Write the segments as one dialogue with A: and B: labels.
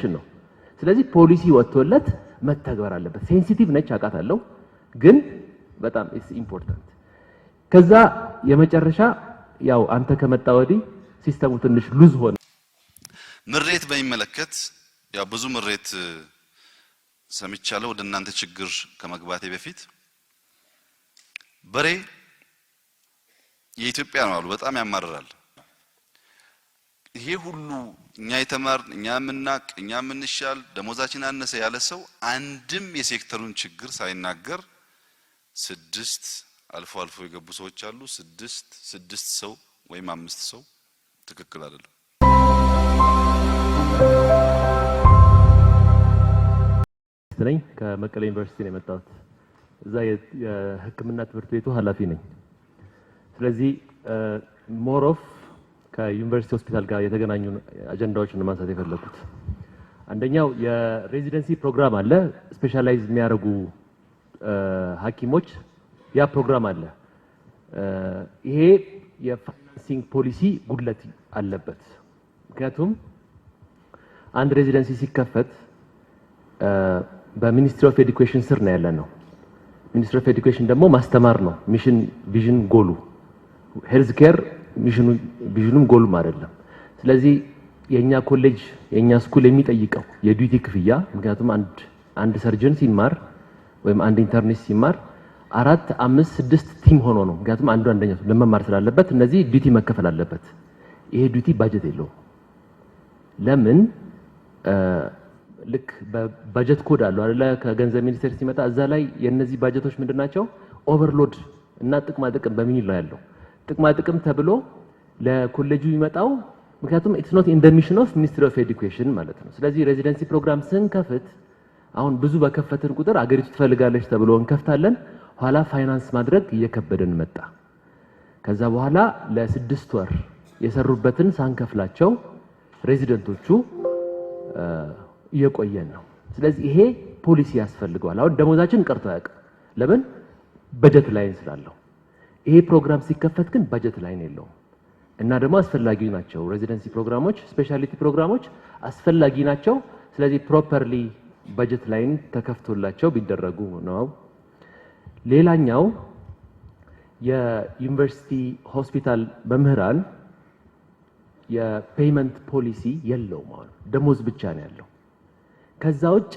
A: ሽን ነው። ስለዚህ ፖሊሲ ወጥቶለት መተግበር አለበት። ሴንሲቲቭ ነች አውቃታለሁ፣ ግን በጣም ኢትስ ኢምፖርታንት። ከዛ የመጨረሻ ያው አንተ ከመጣ ወዲህ ሲስተሙ ትንሽ ሉዝ ሆነ።
B: ምሬት በሚመለከት ያው ብዙ ምሬት ሰምቻለሁ። ወደ እናንተ ችግር ከመግባቴ በፊት በሬ የኢትዮጵያ ነው አሉ። በጣም ያማርራል። ይሄ ሁሉ እኛ የተማር እኛ የምናቅ እኛ የምንሻል ደሞዛችን አነሰ ያለ ሰው አንድም የሴክተሩን ችግር ሳይናገር ስድስት አልፎ አልፎ የገቡ ሰዎች አሉ። ስድስት ስድስት ሰው ወይም አምስት ሰው ትክክል አይደለም።
A: ነኝ ከመቀለ ዩኒቨርሲቲ ነው የመጣሁት። እዛ የሕክምና ትምህርት ቤቱ ኃላፊ ነኝ። ስለዚህ ሞሮፍ ከዩኒቨርሲቲ ሆስፒታል ጋር የተገናኙ አጀንዳዎችን ማንሳት የፈለኩት አንደኛው የሬዚደንሲ ፕሮግራም አለ። ስፔሻላይዝ የሚያደርጉ ሐኪሞች ያ ፕሮግራም አለ። ይሄ የፋይናንሲንግ ፖሊሲ ጉድለት አለበት። ምክንያቱም አንድ ሬዚደንሲ ሲከፈት በሚኒስትሪ ኦፍ ኤዱኬሽን ስር ነው ያለ ነው። ሚኒስትሪ ኦፍ ኤዱኬሽን ደግሞ ማስተማር ነው ሚሽን ቪዥን ጎሉ ሄልዝ ኬር ቪዥኑም ጎልም አይደለም። ስለዚህ የእኛ ኮሌጅ የእኛ ስኩል የሚጠይቀው የዲዩቲ ክፍያ ምክንያቱም አንድ ሰርጀን ሲማር ወይም አንድ ኢንተርኔት ሲማር አራት፣ አምስት፣ ስድስት ቲም ሆኖ ነው። ምክንያቱም አንዱ አንደኛ ለመማር ስላለበት እነዚህ ዲዩቲ መከፈል አለበት። ይሄ ዲዩቲ ባጀት የለውም። ለምን? ልክ በባጀት ኮድ አለው አይደለ? ከገንዘብ ሚኒስቴር ሲመጣ እዛ ላይ የነዚህ ባጀቶች ምንድን ናቸው? ኦቨርሎድ እና ጥቅማ ጥቅም በሚል ነው ያለው ጥቅማ ጥቅም ተብሎ ለኮሌጁ ይመጣው። ምክንያቱም ኢትስ ኖት ኢን ዘ ሚሽን ኦፍ ሚኒስትሪ ኦፍ ኤዱኬሽን ማለት ነው። ስለዚህ ሬዚደንሲ ፕሮግራም ስንከፍት አሁን ብዙ በከፈትን ቁጥር አገሪቱ ትፈልጋለች ተብሎ እንከፍታለን። ኋላ ፋይናንስ ማድረግ እየከበደን መጣ። ከዛ በኋላ ለስድስት ወር የሰሩበትን ሳንከፍላቸው ሬዚደንቶቹ እየቆየን ነው። ስለዚህ ይሄ ፖሊሲ ያስፈልገዋል። አሁን ደሞዛችን ቀርቶ አያውቅም። ለምን በጀት ላይ ስላለው ይሄ ፕሮግራም ሲከፈት ግን በጀት ላይ የለውም እና ደግሞ አስፈላጊ ናቸው። ሬዚደንሲ ፕሮግራሞች፣ ስፔሻሊቲ ፕሮግራሞች አስፈላጊ ናቸው። ስለዚህ ፕሮፐርሊ በጀት ላይን ተከፍቶላቸው ቢደረጉ ነው። ሌላኛው የዩኒቨርሲቲ ሆስፒታል መምህራን የፔይመንት ፖሊሲ የለውም። አሁን ደሞዝ ብቻ ነው ያለው። ከዛ ውጭ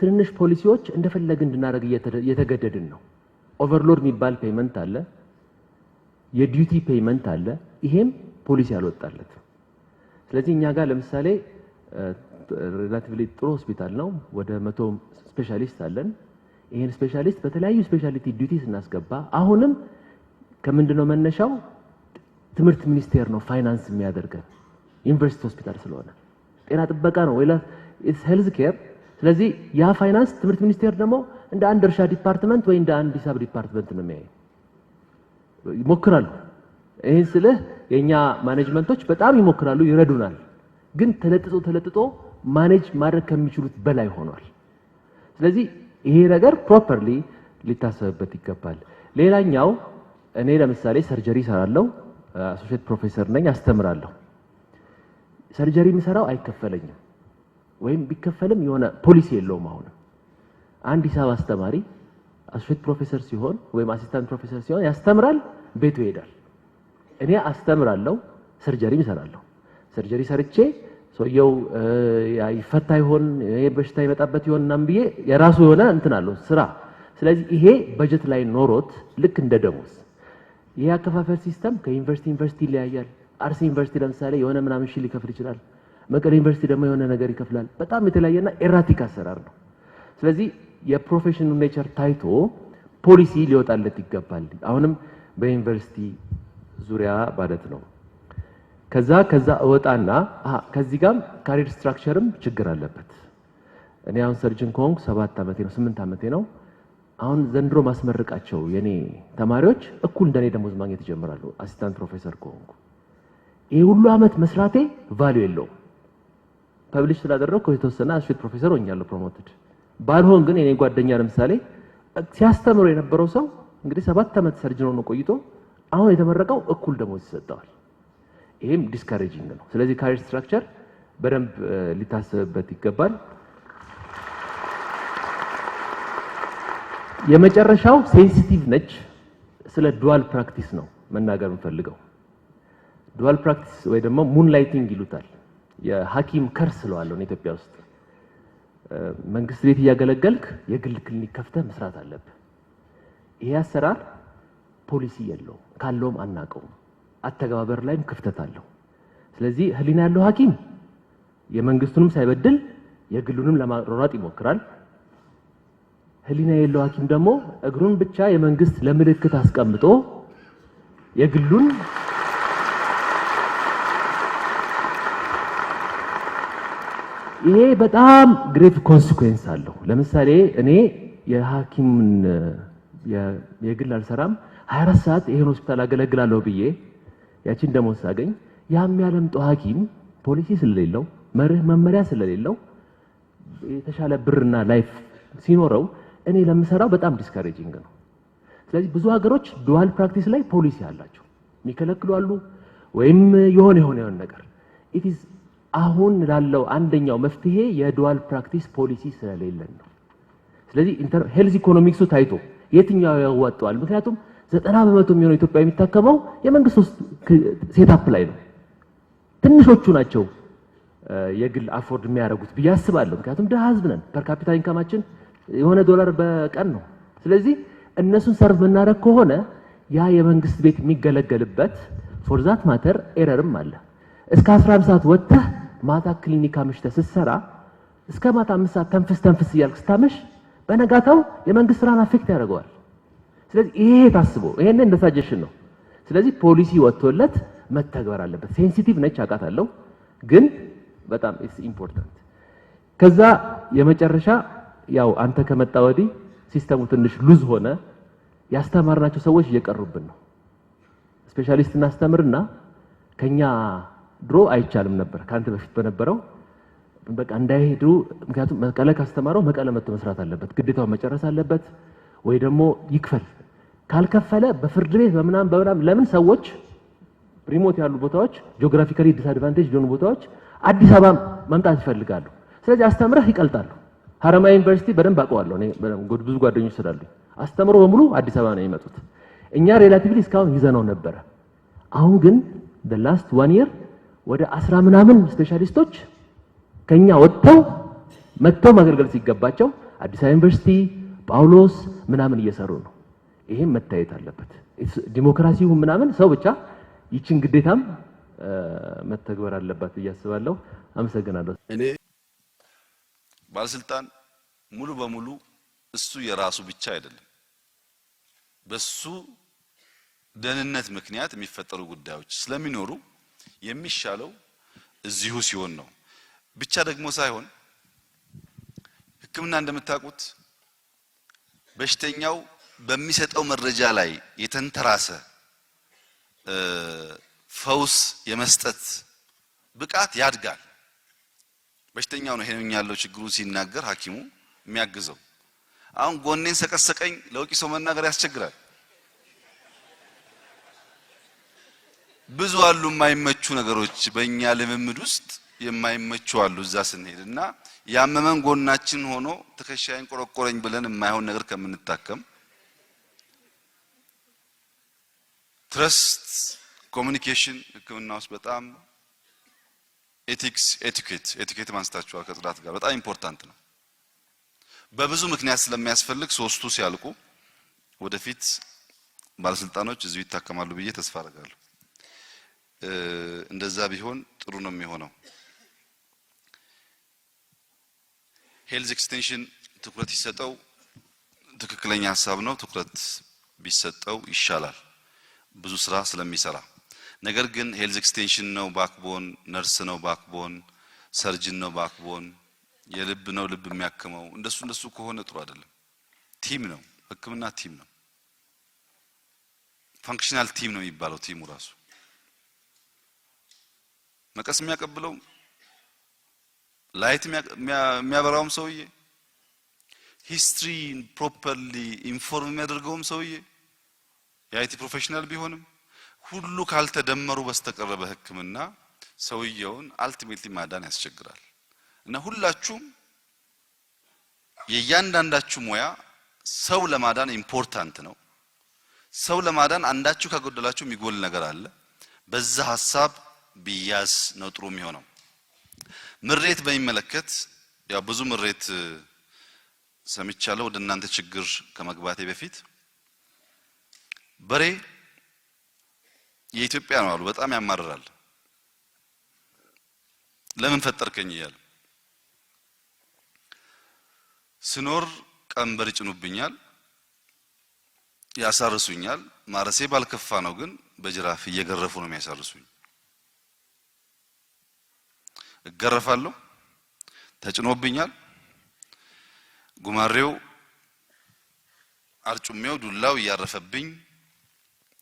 A: ትንንሽ ፖሊሲዎች እንደፈለግን እንድናደርግ እየተገደድን ነው። ኦቨርሎድ የሚባል ፔይመንት አለ። የዲዩቲ ፔይመንት አለ። ይሄም ፖሊሲ ያልወጣለት። ስለዚህ እኛ ጋር ለምሳሌ ሬላቲቭሊ ጥሩ ሆስፒታል ነው። ወደ መቶ ስፔሻሊስት አለን። ይሄን ስፔሻሊስት በተለያዩ ስፔሻሊቲ ዲዩቲ ስናስገባ አሁንም ከምንድነው መነሻው? ትምህርት ሚኒስቴር ነው ፋይናንስ የሚያደርገን ዩኒቨርሲቲ ሆስፒታል ስለሆነ ጤና ጥበቃ ነው ወይ ሄልዝ ኬር። ስለዚህ ያ ፋይናንስ ትምህርት ሚኒስቴር ደግሞ እንደ አንድ እርሻ ዲፓርትመንት ወይ እንደ አንድ ሂሳብ ዲፓርትመንት ነው የሚያየው። ይሞክራሉ። ይህን ስልህ የእኛ ማኔጅመንቶች በጣም ይሞክራሉ፣ ይረዱናል። ግን ተለጥጦ ተለጥጦ ማኔጅ ማድረግ ከሚችሉት በላይ ሆኗል። ስለዚህ ይሄ ነገር ፕሮፐርሊ ሊታሰብበት ይገባል። ሌላኛው እኔ ለምሳሌ ሰርጀሪ እሰራለሁ፣ አሶሼት ፕሮፌሰር ነኝ፣ አስተምራለሁ። ሰርጀሪ የምሰራው አይከፈለኝም፣ ወይም ቢከፈልም የሆነ ፖሊሲ የለውም። አሁንም አንድ ሂሳብ አስተማሪ አሶሼት ፕሮፌሰር ሲሆን ወይም አሲስታንት ፕሮፌሰር ሲሆን ያስተምራል ቤቱ ይሄዳል። እኔ አስተምራለሁ፣ ሰርጀሪም እሰራለሁ። ሰርጀሪ ሰርቼ ሰውየው ይፈታ ይሆን በሽታ ይመጣበት ይሆን ምናምን ብዬ የራሱ የሆነ እንትን አለው ስራ። ስለዚህ ይሄ በጀት ላይ ኖሮት ልክ እንደ ደሞዝ ይሄ አከፋፈል ሲስተም ከዩኒቨርሲቲ ዩኒቨርሲቲ ይለያያል። አርሲ ዩኒቨርሲቲ ለምሳሌ የሆነ ምናምን ሺ ሊከፍል ይችላል። መቀሌ ዩኒቨርሲቲ ደግሞ የሆነ ነገር ይከፍላል። በጣም የተለያየና ኤራቲክ አሰራር ነው። ስለዚህ የፕሮፌሽኑ ኔቸር ታይቶ ፖሊሲ ሊወጣለት ይገባል። አሁንም በዩኒቨርሲቲ ዙሪያ ማለት ነው። ከዛ ከዛ እወጣና ከዚህ ጋም ካሪር ስትራክቸርም ችግር አለበት። እኔ አሁን ሰርጅን ከሆንኩ ሰባት ዓመቴ ነው ስምንት ዓመቴ ነው። አሁን ዘንድሮ ማስመርቃቸው የኔ ተማሪዎች እኩል እንደኔ ደሞዝ ማግኘት ይጀምራሉ። አሲስታንት ፕሮፌሰር ከሆንኩ ይህ ሁሉ ዓመት መስራቴ ቫሉ የለውም። ፐብሊሽ ስላደረግኩ የተወሰነ አሶሼት ፕሮፌሰር ሆኛለሁ ፕሮሞትድ ባልሆን ግን የኔ ጓደኛ ለምሳሌ ሲያስተምረው የነበረው ሰው እንግዲህ ሰባት ዓመት ሰርጅኖ ነው ቆይቶ አሁን የተመረቀው እኩል ደሞዝ ይሰጠዋል። ይሄም ዲስካሬጂንግ ነው። ስለዚህ ካሪር ስትራክቸር በደንብ ሊታሰብበት ይገባል። የመጨረሻው ሴንሲቲቭ ነች። ስለ ዱዋል ፕራክቲስ ነው መናገር የምፈልገው። ዱዋል ፕራክቲስ ወይ ደግሞ ሙን ላይቲንግ ይሉታል። የሐኪም ከርስ ስለዋለሁ ኢትዮጵያ ውስጥ መንግስት ቤት እያገለገልክ የግል ክሊኒክ ከፍተህ መስራት አለብህ። ይሄ አሰራር ፖሊሲ የለውም፣ ካለውም አናቀውም አተገባበር ላይም ክፍተት አለው። ስለዚህ ህሊና ያለው ሐኪም የመንግስቱንም ሳይበድል የግሉንም ለማሯሯጥ ይሞክራል። ህሊና የለው ሐኪም ደግሞ እግሩን ብቻ የመንግስት ለምልክት አስቀምጦ የግሉን ይሄ በጣም ግሬት ኮንሲኩዌንስ አለው። ለምሳሌ እኔ የሐኪምን የግል አልሰራም 24 ሰዓት ይሄን ሆስፒታል አገለግላለሁ ብዬ ያቺን ደሞዝ ሳገኝ ያም ያለምጠው ሐኪም ፖሊሲ ስለሌለው መርህ መመሪያ ስለሌለው የተሻለ ብርና ላይፍ ሲኖረው እኔ ለምሰራው በጣም ዲስካሬጂንግ ነው። ስለዚህ ብዙ ሀገሮች ዱዋል ፕራክቲስ ላይ ፖሊሲ አላቸው፣ የሚከለክሉ አሉ ወይም የሆነ የሆነ የሆነ ነገር ኢት ኢዝ አሁን ላለው አንደኛው መፍትሄ የዱዋል ፕራክቲስ ፖሊሲ ስለሌለን ነው። ስለዚህ ሄልዝ ኢኮኖሚክሱ ታይቶ የትኛው ያዋጣዋል? ምክንያቱም ዘጠና በመቶ የሚሆነው ኢትዮጵያ የሚታከመው የመንግስት ውስጥ ሴታፕ ላይ ነው። ትንሾቹ ናቸው የግል አፎርድ የሚያደርጉት ብዬ አስባለሁ። ምክንያቱም ድሀ ህዝብ ነን። ፐር ካፒታ ኢንካማችን የሆነ ዶላር በቀን ነው። ስለዚህ እነሱን ሰርቭ የምናደርግ ከሆነ ያ የመንግስት ቤት የሚገለገልበት ፎርዛት ማተር ኤረርም አለ። እስከ 15 ሰዓት ወጥተህ ማታ ክሊኒካ ምሽተ ስትሰራ እስከ ማታ አምስት ሰዓት ተንፍስ ተንፍስ እያልክ ስታመሽ በነጋታው የመንግስት ስራን አፌክት ያደርገዋል። ስለዚህ ይሄ ታስቦ ይሄን እንደ ሳጀሽን ነው። ስለዚህ ፖሊሲ ወጥቶለት መተግበር አለበት። ሴንሲቲቭ ነች አውቃታለሁ፣ ግን በጣም ኢትስ ኢምፖርታንት። ከዛ የመጨረሻ ያው አንተ ከመጣ ወዲህ ሲስተሙ ትንሽ ሉዝ ሆነ። ያስተማርናቸው ሰዎች እየቀሩብን ነው። ስፔሻሊስት እናስተምርና ከኛ ድሮ አይቻልም ነበር ከአንተ በፊት በነበረው በቃ እንዳይሄዱ። ምክንያቱም መቀለ ካስተማረው መቀለ መጥቶ መስራት አለበት፣ ግዴታው መጨረስ አለበት። ወይ ደግሞ ይክፈል። ካልከፈለ በፍርድ ቤት በምናም በምናም ለምን ሰዎች ሪሞት ያሉ ቦታዎች ጂኦግራፊካሊ ዲስአድቫንቴጅ የሆኑ ቦታዎች አዲስ አበባ መምጣት ይፈልጋሉ። ስለዚህ አስተምረህ ይቀልጣሉ። ሀረማያ ዩኒቨርሲቲ በደንብ አውቀዋለሁ እኔ ብዙ ጓደኞች ስላሉ አስተምሮ በሙሉ አዲስ አበባ ነው የሚመጡት። እኛ ሬላቲቭሊ እስካሁን ይዘነው ነበረ። አሁን ግን ላስት ዋን ይር ወደ አስራ ምናምን ስፔሻሊስቶች ከኛ ወጥተው መጥተው ማገልገል ሲገባቸው አዲስ አበባ ዩኒቨርሲቲ ጳውሎስ ምናምን እየሰሩ ነው። ይሄም መታየት አለበት። ዲሞክራሲው ምናምን ሰው ብቻ ይችን ግዴታም መተግበር አለባት ብዬ አስባለሁ። አመሰግናለሁ።
B: እኔ ባለስልጣን ሙሉ በሙሉ እሱ የራሱ ብቻ አይደለም፣ በሱ ደህንነት ምክንያት የሚፈጠሩ ጉዳዮች ስለሚኖሩ የሚሻለው እዚሁ ሲሆን ነው። ብቻ ደግሞ ሳይሆን ህክምና እንደምታውቁት በሽተኛው በሚሰጠው መረጃ ላይ የተንተራሰ ፈውስ የመስጠት ብቃት ያድጋል። በሽተኛው ነው ይሄን ያለው ችግሩን ሲናገር ሐኪሙ የሚያግዘው። አሁን ጎኔን ሰቀሰቀኝ ለውቂ ሰው መናገር ያስቸግራል። ብዙ አሉ የማይመቹ ነገሮች በእኛ ልምምድ ውስጥ የማይመቹ አሉ እዛ ስንሄድ እና ያመመን ጎናችን ሆኖ ትከሻይን ቆረቆረኝ ብለን የማይሆን ነገር ከምንታከም ትረስት ኮሚኒኬሽን ህክምና ውስጥ በጣም ኤቲክስ ኤቲኬት ኤቲኬት ማንስታችኋል ከጽዳት ጋር በጣም ኢምፖርታንት ነው። በብዙ ምክንያት ስለሚያስፈልግ ሶስቱ ሲያልቁ ወደፊት ባለስልጣኖች እዚሁ ይታከማሉ ብዬ ተስፋ አደርጋለሁ። እንደዛ ቢሆን ጥሩ ነው የሚሆነው። ሄልዝ ኤክስቴንሽን ትኩረት ይሰጠው። ትክክለኛ ሀሳብ ነው። ትኩረት ቢሰጠው ይሻላል ብዙ ስራ ስለሚሰራ። ነገር ግን ሄልዝ ኤክስቴንሽን ነው ባክቦን፣ ነርስ ነው ባክቦን፣ ሰርጅን ነው ባክቦን፣ የልብ ነው ልብ የሚያክመው። እንደሱ እንደሱ ከሆነ ጥሩ አይደለም። ቲም ነው ህክምና ቲም ነው ፋንክሽናል ቲም ነው የሚባለው። ቲሙ ራሱ መቀስ የሚያቀብለው ላይት የሚያበራውም ሰውዬ ሂስትሪ ፕሮፐርሊ ኢንፎርም የሚያደርገውም ሰውዬ የአይቲ ፕሮፌሽናል ቢሆንም ሁሉ ካልተደመሩ በስተቀረበ ህክምና ሰውየውን አልቲሜትሊ ማዳን ያስቸግራል። እና ሁላችሁም የእያንዳንዳችሁ ሙያ ሰው ለማዳን ኢምፖርታንት ነው። ሰው ለማዳን አንዳችሁ ካጎደላችሁ የሚጎል ነገር አለ። በዛ ሀሳብ ቢያዝ ነው ጥሩ የሚሆነው። ምሬት በሚመለከት ያው ብዙ ምሬት ሰምቻለሁ። ወደ እናንተ ችግር ከመግባቴ በፊት በሬ የኢትዮጵያ ነው አሉ። በጣም ያማርራል። ለምን ፈጠርከኝ እያለ ስኖር ቀንበር ይጭኑብኛል፣ ያሳርሱኛል። ማረሴ ባልከፋ ነው፣ ግን በጅራፍ እየገረፉ ነው የሚያሳርሱኝ። እገረፋለሁ፣ ተጭኖብኛል፣ ጉማሬው አርጩሜው ዱላው እያረፈብኝ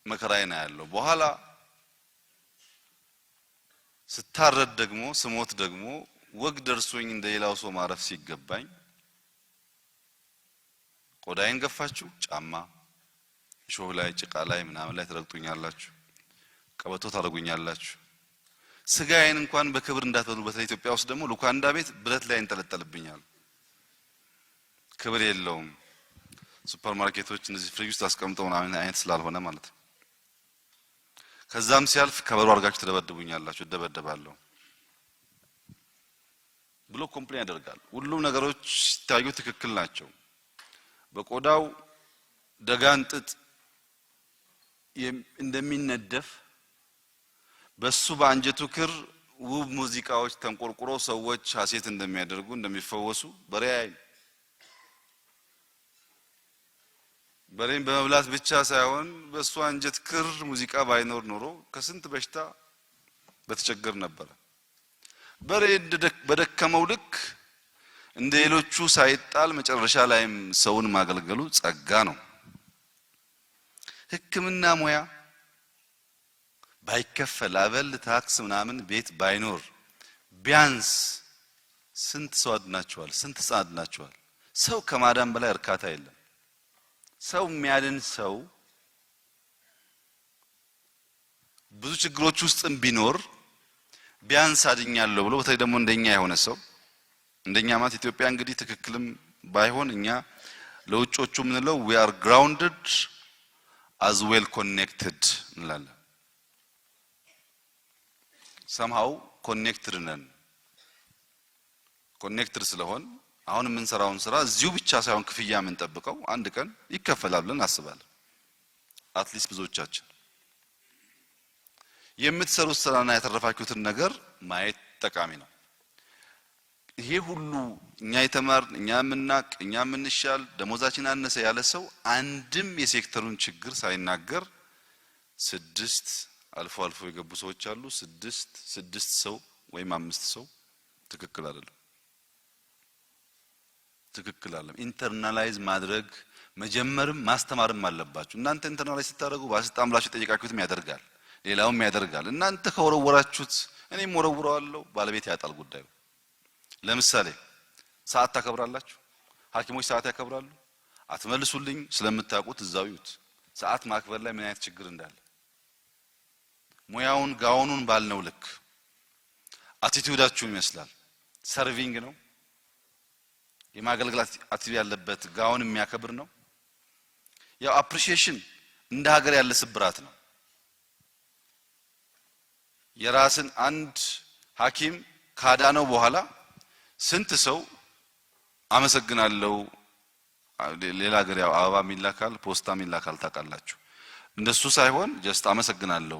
B: ነው ያለው። በኋላ ስታረድ ደግሞ ስሞት ደግሞ ወግ ደርሶኝ እንደ ሌላው ሰው ማረፍ ሲገባኝ ቆዳዬን ገፋችሁ ጫማ እሾህ ላይ ጭቃ ላይ ምናምን ላይ ትረግጡኛላችሁ፣ ቀበቶ ታደርጉኛላችሁ። ስጋዬን እንኳን በክብር እንዳትበሉ። በተለይ ኢትዮጵያ ውስጥ ደግሞ ሉካንዳ ቤት ብረት ላይ እንጠለጠልብኛል። ክብር የለውም። ሱፐር ማርኬቶች እነዚህ ፍሪጅ ውስጥ አስቀምጠው ምናምን አይነት ስላልሆነ ማለት ነው። ከዛም ሲያልፍ ከበሮ አድርጋችሁ ትደበድቡኛላችሁ፣ እደበደባለሁ ብሎ ኮምፕሌን ያደርጋል። ሁሉም ነገሮች ሲታዩ ትክክል ናቸው። በቆዳው ደጋን ጥጥ እንደሚነደፍ በሱ በአንጀቱ ክር ውብ ሙዚቃዎች ተንቆርቁሮ ሰዎች ሀሴት እንደሚያደርጉ እንደሚፈወሱ በሬ በሬን በመብላት ብቻ ሳይሆን በእሱ አንጀት ክር ሙዚቃ ባይኖር ኖሮ ከስንት በሽታ በተቸገር ነበረ። በሬ በደከመው ልክ እንደ ሌሎቹ ሳይጣል መጨረሻ ላይም ሰውን ማገልገሉ ጸጋ ነው። ሕክምና ሙያ ባይከፈል አበል ታክስ ምናምን ቤት ባይኖር ቢያንስ ስንት ሰው አድናቸዋል? ስንት ሕፃን አድናቸዋል? ሰው ከማዳን በላይ እርካታ የለም። ሰው የሚያድን ሰው ብዙ ችግሮች ውስጥም ቢኖር ቢያንስ አድኛለሁ ብሎ በተለይ ደግሞ እንደኛ የሆነ ሰው እንደኛ ማለት ኢትዮጵያ እንግዲህ ትክክልም ባይሆን እኛ ለውጮቹ የምንለው ዊ አር ግራውንድድ አዝ ዌል ኮኔክትድ እንላለን። ሰምሃው ኮኔክትድ ነን። ኮኔክትድ ስለሆን አሁን የምንሰራውን ስራ እዚሁ ብቻ ሳይሆን ክፍያ የምንጠብቀው አንድ ቀን ይከፈላል ብለን አስባለን። አትሊስት ብዙዎቻችን የምትሰሩት ስራና ያተረፋችሁትን ነገር ማየት ጠቃሚ ነው። ይሄ ሁሉ እኛ የተማርን እኛ የምናቅ እኛ የምንሻል ደሞዛችን አነሰ ያለ ሰው አንድም የሴክተሩን ችግር ሳይናገር ስድስት አልፎ አልፎ የገቡ ሰዎች አሉ። ስድስት ስድስት ሰው ወይም አምስት ሰው ትክክል አይደለም፣ ትክክል አይደለም። ኢንተርናላይዝ ማድረግ መጀመርም ማስተማርም አለባችሁ። እናንተ ኢንተርናላይዝ ስታደርጉ በአስጣም ብላችሁ ጠየቃችሁትም ያደርጋል፣ ሌላውም ያደርጋል። እናንተ ከወረወራችሁት እኔም ወረውረዋለሁ፣ ባለቤት ያጣል ጉዳዩ። ለምሳሌ ሰዓት ታከብራላችሁ፣ ሐኪሞች ሰዓት ያከብራሉ። አትመልሱልኝ ስለምታውቁት እዛው ይዩት። ሰዓት ማክበር ላይ ምን አይነት ችግር እንዳለ ሙያውን ጋውኑን ባልነው ልክ አቲቲዩዳችሁም ይመስላል። ሰርቪንግ ነው የማገልግላት አቲቲዩድ ያለበት ጋውን የሚያከብር ነው። ያው አፕሪሺዬሽን እንደ ሀገር ያለ ስብራት ነው። የራስን አንድ ሀኪም ካዳ ነው በኋላ ስንት ሰው አመሰግናለሁ። ሌላ ሀገር ያው አበባ ይላካል፣ ፖስታ ሚላካል ታቃላችሁ እንደሱ ሳይሆን ጀስት አመሰግናለሁ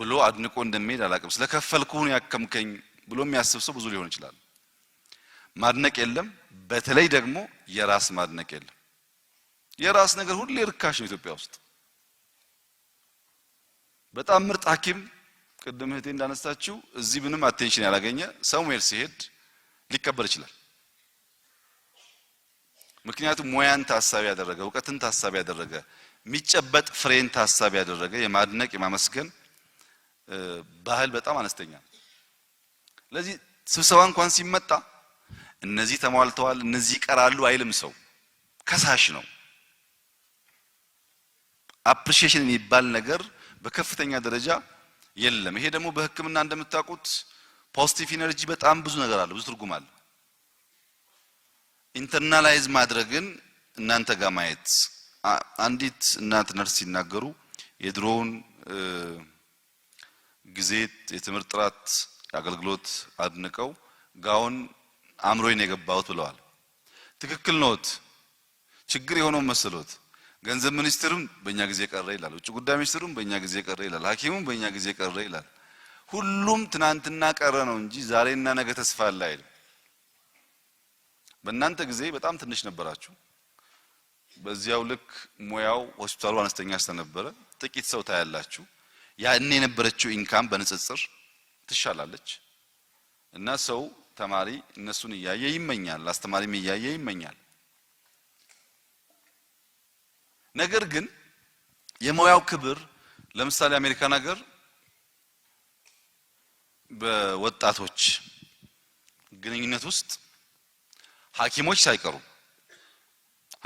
B: ብሎ አድንቆ እንደሚሄድ አላቅም። ስለከፈልኩን ያከምከኝ ብሎ የሚያስብ ሰው ብዙ ሊሆን ይችላል። ማድነቅ የለም። በተለይ ደግሞ የራስ ማድነቅ የለም። የራስ ነገር ሁሌ ርካሽ ነው ኢትዮጵያ ውስጥ። በጣም ምርጥ ሐኪም ቅድም እህቴ እንዳነሳችው እዚህ ምንም አቴንሽን ያላገኘ ሳሙኤል ሲሄድ ሊከበር ይችላል። ምክንያቱም ሙያን ታሳቢ ያደረገ እውቀትን ታሳቢ ያደረገ የሚጨበጥ ፍሬን ታሳቢ ያደረገ የማድነቅ የማመስገን ባህል በጣም አነስተኛ ነው። ስለዚህ ስብሰባ እንኳን ሲመጣ እነዚህ ተሟልተዋል፣ እነዚህ ይቀራሉ አይልም። ሰው ከሳሽ ነው። አፕሪሺዬሽን የሚባል ነገር በከፍተኛ ደረጃ የለም። ይሄ ደግሞ በሕክምና እንደምታውቁት ፖዚቲቭ ኢነርጂ በጣም ብዙ ነገር አለ፣ ብዙ ትርጉም አለ። ኢንተርናላይዝ ማድረግን እናንተ ጋር ማየት አንዲት እናት ነርስ ሲናገሩ የድሮውን ጊዜ፣ የትምህርት ጥራት፣ አገልግሎት አድንቀው ጋውን አእምሮዬን የገባሁት ብለዋል። ትክክል ነዎት። ችግር የሆነው መስሎት ገንዘብ ሚኒስትሩም በእኛ ጊዜ ቀረ ይላል፣ ውጭ ጉዳይ ሚኒስትሩም በእኛ ጊዜ ቀረ ይላል፣ ሐኪሙም በእኛ ጊዜ ቀረ ይላል። ሁሉም ትናንትና ቀረ ነው እንጂ ዛሬና ነገ ተስፋ አለ አይልም። በእናንተ ጊዜ በጣም ትንሽ ነበራችሁ። በዚያው ልክ ሙያው ሆስፒታሉ አነስተኛ ስለነበረ ጥቂት ሰው ታያላችሁ። ያኔ የነበረችው ኢንካም በንጽጽር ትሻላለች እና ሰው ተማሪ እነሱን እያየ ይመኛል፣ አስተማሪም እያየ ይመኛል። ነገር ግን የሙያው ክብር ለምሳሌ አሜሪካን ሀገር በወጣቶች ግንኙነት ውስጥ ሐኪሞች ሳይቀሩ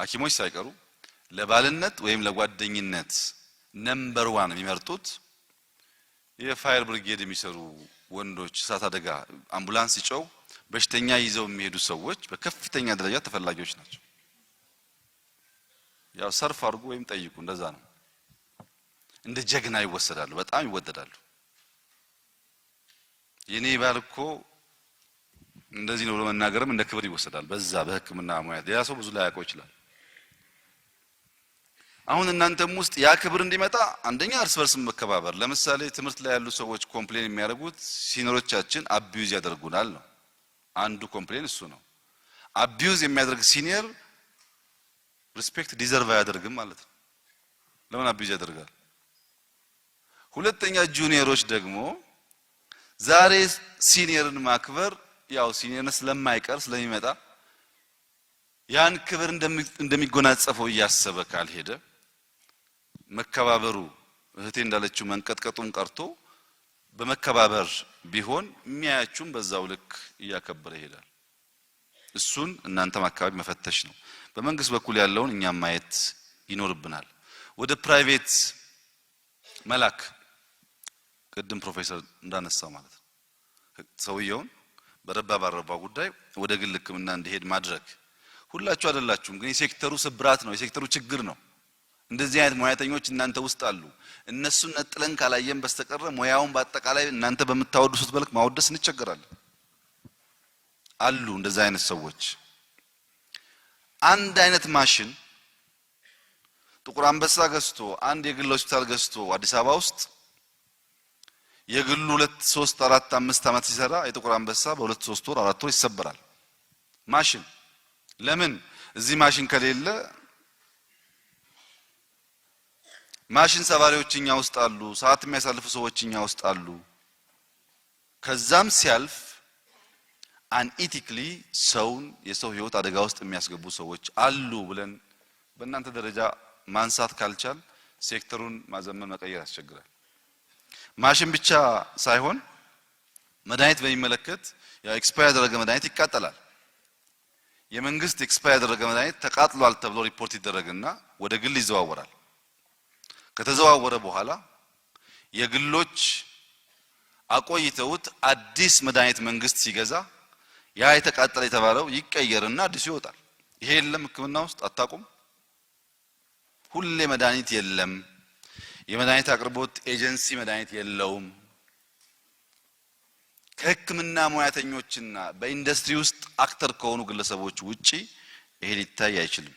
B: ሐኪሞች ሳይቀሩ ለባልነት ወይም ለጓደኝነት ነምበር ዋን የሚመርጡት የፋየር ብርጌድ የሚሰሩ ወንዶች እሳት አደጋ አምቡላንስ ሲጮው በሽተኛ ይዘው የሚሄዱ ሰዎች በከፍተኛ ደረጃ ተፈላጊዎች ናቸው። ያው ሰርፍ አድርጉ ወይም ጠይቁ፣ እንደዛ ነው። እንደ ጀግና ይወሰዳሉ፣ በጣም ይወደዳሉ። የኔ ባል እኮ እንደዚህ ነው ብሎ መናገርም እንደ ክብር ይወሰዳል። በዛ በሕክምና ሙያ ሌላ ሰው ብዙ ላይ ያውቀው ይችላል። አሁን እናንተም ውስጥ ያ ክብር እንዲመጣ አንደኛ እርስ በርስ መከባበር። ለምሳሌ ትምህርት ላይ ያሉ ሰዎች ኮምፕሌን የሚያደርጉት ሲኒሮቻችን አቢዩዝ ያደርጉናል ነው አንዱ ኮምፕሌን፣ እሱ ነው። አቢዩዝ የሚያደርግ ሲኒየር ሪስፔክት ዲዘርቭ አያደርግም ማለት ነው። ለምን አቢዩዝ ያደርጋል? ሁለተኛ ጁኒየሮች ደግሞ ዛሬ ሲኒየርን ማክበር ያው ሲኒየርነት ስለማይቀር ስለሚመጣ ያን ክብር እንደሚጎናጸፈው እያሰበ ካልሄደ መከባበሩ እህቴ እንዳለችው መንቀጥቀጡም ቀርቶ በመከባበር ቢሆን የሚያያችሁም በዛው ልክ እያከበረ ይሄዳል። እሱን እናንተም አካባቢ መፈተሽ ነው። በመንግስት በኩል ያለውን እኛም ማየት ይኖርብናል። ወደ ፕራይቬት መላክ ቅድም ፕሮፌሰር እንዳነሳው ማለት ነው ሰውየውን በረባ ባረባ ጉዳይ ወደ ግል ሕክምና እንዲሄድ ማድረግ ሁላችሁ አይደላችሁም፣ ግን የሴክተሩ ስብራት ነው፣ የሴክተሩ ችግር ነው። እንደዚህ አይነት ሙያተኞች እናንተ ውስጥ አሉ። እነሱን ነጥለን ካላየን በስተቀረ ሙያውን በአጠቃላይ እናንተ በምታወድሱት መልክ ማወደስ እንቸገራለን። አሉ እንደዚህ አይነት ሰዎች። አንድ አይነት ማሽን ጥቁር አንበሳ ገዝቶ አንድ የግል ሆስፒታል ገዝቶ አዲስ አበባ ውስጥ የግሉ ሁለት ሶስት አራት አምስት ዓመት ሲሰራ የጥቁር አንበሳ በሁለት ሶስት ወር አራት ወር ይሰበራል። ማሽን ለምን እዚህ ማሽን ከሌለ ማሽን ሰባሪዎች እኛ ውስጥ አሉ። ሰዓት የሚያሳልፉ ሰዎች እኛ ውስጥ አሉ። ከዛም ሲያልፍ አንኢቲክሊ ሰውን የሰው ህይወት አደጋ ውስጥ የሚያስገቡ ሰዎች አሉ ብለን በእናንተ ደረጃ ማንሳት ካልቻል ሴክተሩን ማዘመን መቀየር ያስቸግራል። ማሽን ብቻ ሳይሆን መድኃኒት በሚመለከት ያው ኤክስፓየር ያደረገ መድኃኒት ይቃጠላል። የመንግስት ኤክስፓየር ያደረገ መድኃኒት ተቃጥሏል ተብሎ ሪፖርት ይደረግና ወደ ግል ይዘዋወራል። ከተዘዋወረ በኋላ የግሎች አቆይተውት አዲስ መድኃኒት መንግስት ሲገዛ ያ የተቃጠለ የተባለው ይቀየርና አዲሱ ይወጣል። ይሄ የለም ሕክምና ውስጥ አታቁም። ሁሌ መድኃኒት የለም። የመድኃኒት አቅርቦት ኤጀንሲ መድኃኒት የለውም። ከሕክምና ሙያተኞችና በኢንዱስትሪ ውስጥ አክተር ከሆኑ ግለሰቦች ውጪ ይሄ ሊታይ አይችልም።